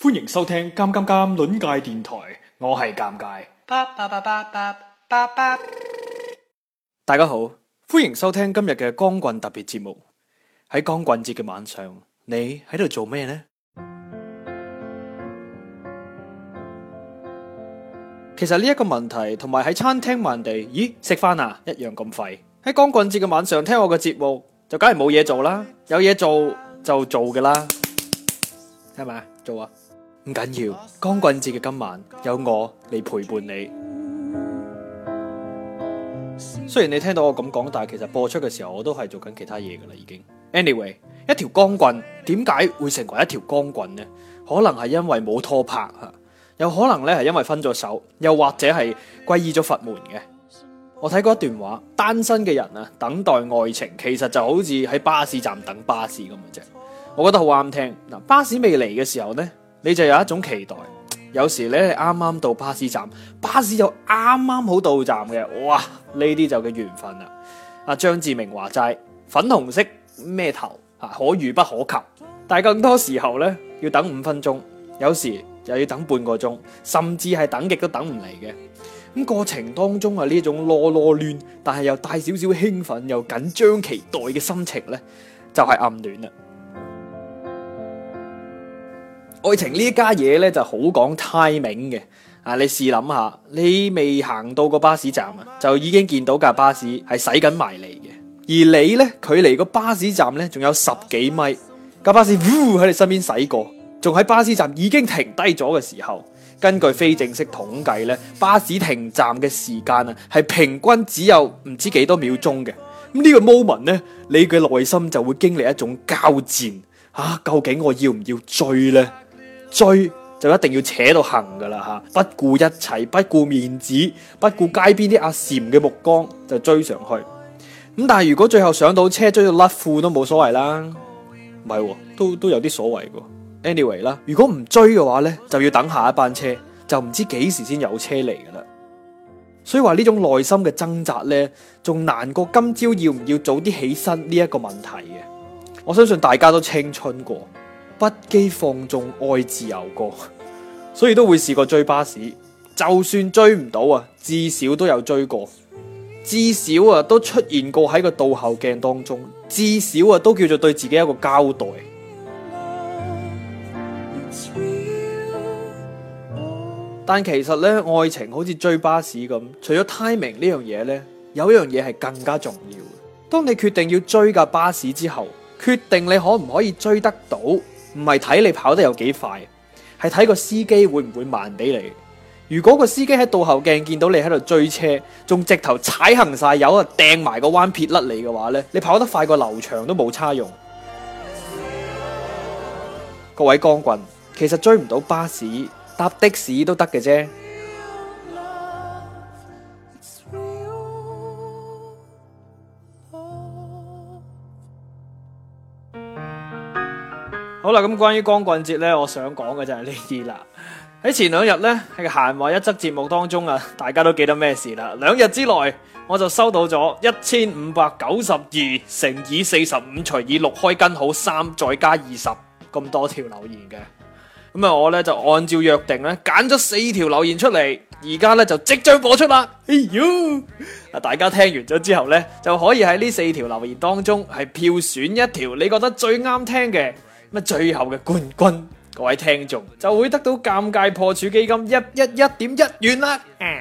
歡迎收聽《尷尷尷》鄰界電台，我係尷尬。大家好，歡迎收聽今日嘅光棍特別節目。喺光棍節嘅晚上，你喺度做咩呢？其實呢一個問題同埋喺餐廳問地，咦，食飯啊，一樣咁廢。喺光棍節嘅晚上聽我嘅節目，就梗係冇嘢做啦。有嘢做就做噶啦，係咪？ 做啊！唔緊要，光棍節嘅今晚有我嚟陪伴你。雖然你聽到我咁講，但係其實播出嘅時候我都係做緊其他嘢噶啦。已經 anyway，一條光棍點解會成為一條光棍呢？可能係因為冇拖拍吓，有可能咧係因為分咗手，又或者係歸依咗佛門嘅。我睇過一段話，單身嘅人啊，等待愛情其實就好似喺巴士站等巴士咁嘅啫。我覺得好啱聽嗱，巴士未嚟嘅時候呢？你就有一種期待，有時咧，啱啱到巴士站，巴士又啱啱好到站嘅，哇！呢啲就叫緣分啦。阿張志明話齋，粉紅色咩頭啊，可遇不可求。但係更多時候咧，要等五分鐘，有時又要等半個鐘，甚至係等極都等唔嚟嘅。咁過程當中啊，呢種囉囉亂，但係又帶少少興奮又緊張期待嘅心情咧，就係、是、暗戀啦。愛情呢家嘢咧，就好講 timing 嘅啊！你試諗下，你未行到個巴士站啊，就已經見到架巴士係駛緊埋嚟嘅。而你呢，距離個巴士站呢仲有十幾米架巴士，嗚、呃、喺你身邊駛過，仲喺巴士站已經停低咗嘅時候，根據非正式統計呢，巴士停站嘅時間啊，係平均只有唔知幾多秒鐘嘅。咁呢個 moment 呢，你嘅內心就會經歷一種交戰、啊、究竟我要唔要追呢？追就一定要扯到行噶啦吓，不顧一切，不顧面子，不顧街邊啲阿禪嘅目光，就追上去。咁但係如果最後上到車追到甩褲都冇所謂啦，唔係，都都，都有啲所謂嘅。Anyway 啦，如果唔追嘅話咧，就要等下一班車，就唔知幾時先有車嚟噶啦。所以話呢種內心嘅掙扎咧，仲難過今朝要唔要早啲起身呢一個問題嘅。我相信大家都青春過。不羈放縱愛自由過。 所以都會試過追巴士，就算追唔到啊，至少都有追過，至少啊都出現過喺個倒後鏡當中，至少啊都叫做對自己一個交代。S 但其實咧，愛情好似追巴士咁，除咗 timing 呢樣嘢咧，有一樣嘢係更加重要。當你決定要追架巴士之後，決定你可唔可以追得到？唔係睇你跑得有幾快，係睇個司機會唔會慢俾你。如果個司機喺倒後鏡見到你喺度追車，仲直頭踩行晒油啊，掟埋個彎撇甩你嘅話咧，你跑得快過劉翔都冇差用。 各位光棍，其實追唔到巴士，搭的士都得嘅啫。好啦，咁關於光棍節呢，我想講嘅就係呢啲啦。喺前兩日呢，喺閒話一則節目當中啊，大家都記得咩事啦？兩日之內我就收到咗一千五百九十二乘以四十五除以六開根號三再加二十咁多條留言嘅。咁啊，我呢，就按照約定呢，揀咗四條留言出嚟，而家呢，就即將播出啦。哎喲，啊、嗯、大家聽完咗之後呢，就可以喺呢四條留言當中係票選一條你覺得最啱聽嘅。乜最後嘅冠軍，各位聽眾就會得到尷尬破處基金一一一點一元啦！誒，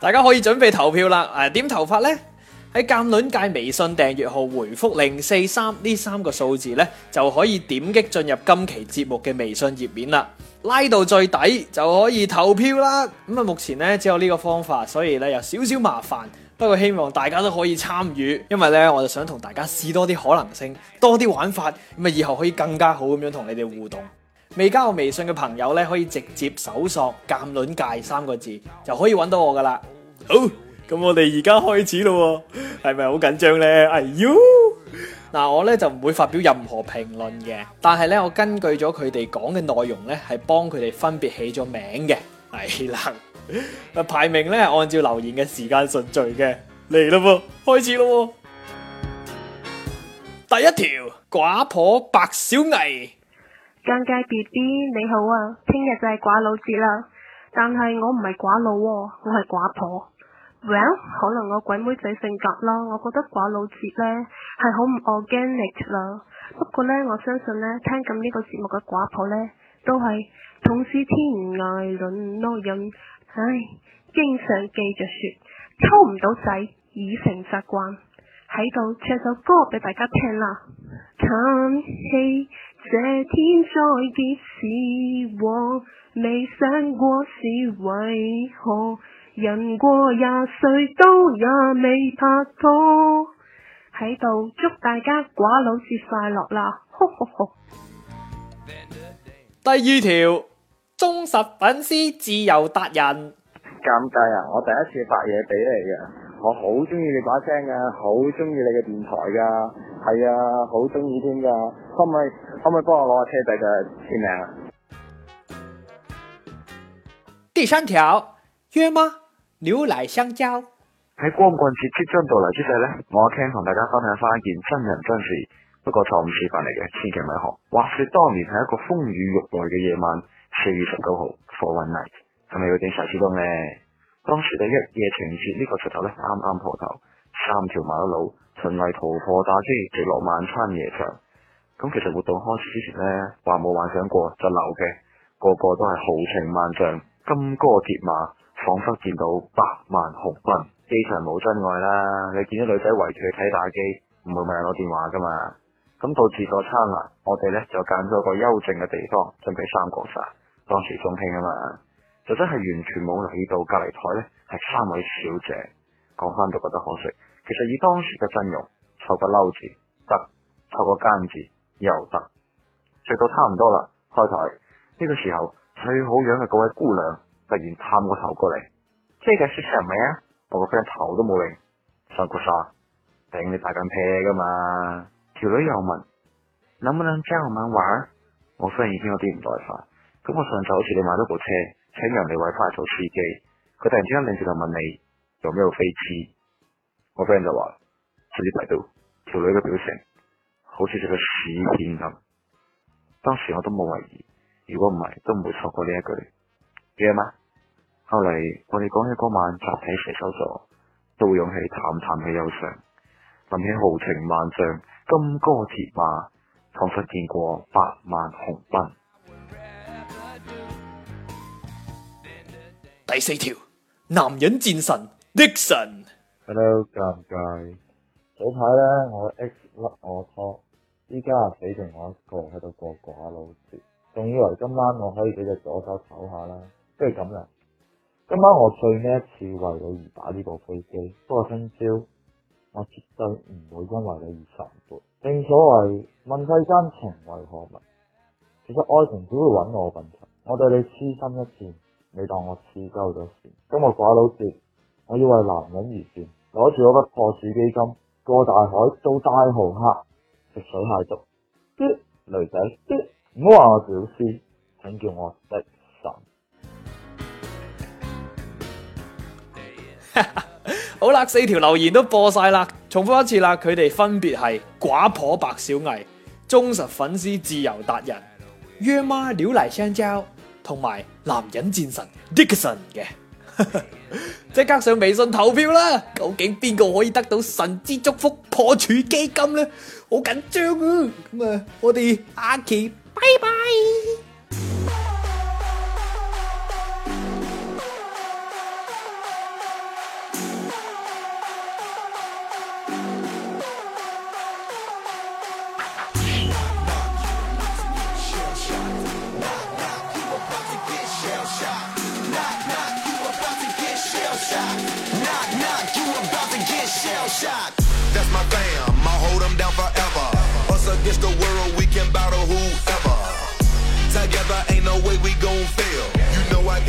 大家可以準備投票啦！誒，點投法呢？喺間卵界微信訂閱號回覆零四三呢三個數字呢，就可以點擊進入今期節目嘅微信頁面啦。拉到最底就可以投票啦！咁啊，目前呢，只有呢個方法，所以呢，有少少麻煩。不過希望大家都可以參與，因為咧我就想同大家試多啲可能性，多啲玩法，咁啊以後可以更加好咁樣同你哋互動。未加我微信嘅朋友咧，可以直接搜索“鑑論界”三個字，就可以搵到我噶啦。好，咁我哋而家開始咯，哦，係咪好緊張咧？哎喲，嗱，啊，我咧就唔會發表任何評論嘅，但係咧我根據咗佢哋講嘅內容咧，係幫佢哋分別起咗名嘅，係啦。排名咧，按照留言嘅時間順序嘅嚟咯，開始咯。第一條，寡婆白小藝，尷尬 B B 你好啊，聽日就係寡佬節啦，但係我唔係寡佬，哦，我係寡婆。Well，可能我鬼妹仔性格啦，我覺得寡佬節呢係好唔 organic 啦。不過呢，我相信呢聽緊呢個節目嘅寡婆呢，都係同是天涯淪落人。呃，人唉，經常記着説抽唔到仔已成習慣，喺度唱首歌俾大家聽啦。嘆氣，這天再結是禍，未想過是為何，人過廿歲都也未拍拖。喺度祝大家寡佬節快樂啦！呵呵呵。第二條。忠實粉絲自由達人，尷尬啊！我第一次發嘢俾你嘅，我好中意你把聲噶，好中意你嘅電台噶，係啊，好中意添噶，可唔可以，可唔可以幫我攞下車仔嘅簽名啊？第三條，約嗎？牛奶香蕉，喺光棍節即將到嚟之際呢，我阿 k 同大家分享翻一件真人真事，不過就唔似翻嚟嘅，千祈咪學。話説當年係一個風雨欲來嘅夜晚。四月十九號，火雲嚟，係咪要整壽司東呢？當時咧一夜情節，呢個噱頭呢，啱啱破頭，三條馬路循例逃破打機，直落晚餐夜場。咁其實活動開始之前呢，話冇幻想過就留嘅個個都係豪情萬丈，金戈鐵馬，彷彿見到百萬雄軍。機場冇真愛啦，你見到女仔圍住睇打機，唔會冇人攞電話噶嘛？咁到自助餐啦，我哋呢就揀咗個幽靜嘅地方，準備三國殺。當時中興啊嘛，就真係完全冇留意到隔籬台咧係三位小姐。講翻就覺得可惜。其實以當時嘅陣容，湊個嬲字得，湊個奸字又得，食到差唔多啦。開台呢，這個時候最好樣嘅嗰位姑娘突然探個頭過嚟，即係雪清係咪啊？我個 friend 頭都冇擰，上個沙頂你大緊屁 a 噶嘛？條女又問，能唔能教我玩？我雖然已經有啲唔耐煩。咁我上晝好似你買咗部車，請人嚟返翻做司機，佢突然之間擰住就問你有咩飛機？我 friend 就話，直接睇到條女嘅表情，好似食個屎片咁。當時我都冇懷疑，如果唔係都唔會錯過呢一句。記得嗎？後嚟我哋講起嗰晚集體射手座，都會湧起淡淡嘅憂傷，諗起豪情萬丈，金戈鐵馬，仿佛見過百萬雄兵。第四條，男人戰神 Nixon，hello，喺度尷尬。早排咧，我 X 甩我拖，依家啊死剩我一個喺度過寡佬節，仲以為今晚我可以俾隻左手抖下啦，不如咁啦。今晚我最尾一次為你而打呢部飛機，不過聽朝，我絕對唔會因為你而沉墮。正所謂問世間情為何物，其實愛情只會揾我笨柒。我對你痴心一片。你當我黐鳩咗先。今日寡佬節，我要為男人而戰，攞住嗰筆破處基金，過大海都齋紅黑，食水蟹粥。啲女仔啲唔好話我屌絲，請叫我的神。 哈哈好啦，四條留言都播晒啦，重複一次啦，佢哋分別係寡婆白小藝、忠實粉絲、自由達人、約媽鳥嚟香蕉。同埋男人戰神 Dickson 嘅， 即刻上微信投票啦！究竟邊個可以得到神之祝福破處基金咧？好緊張啊！咁啊，我哋阿奇，拜拜。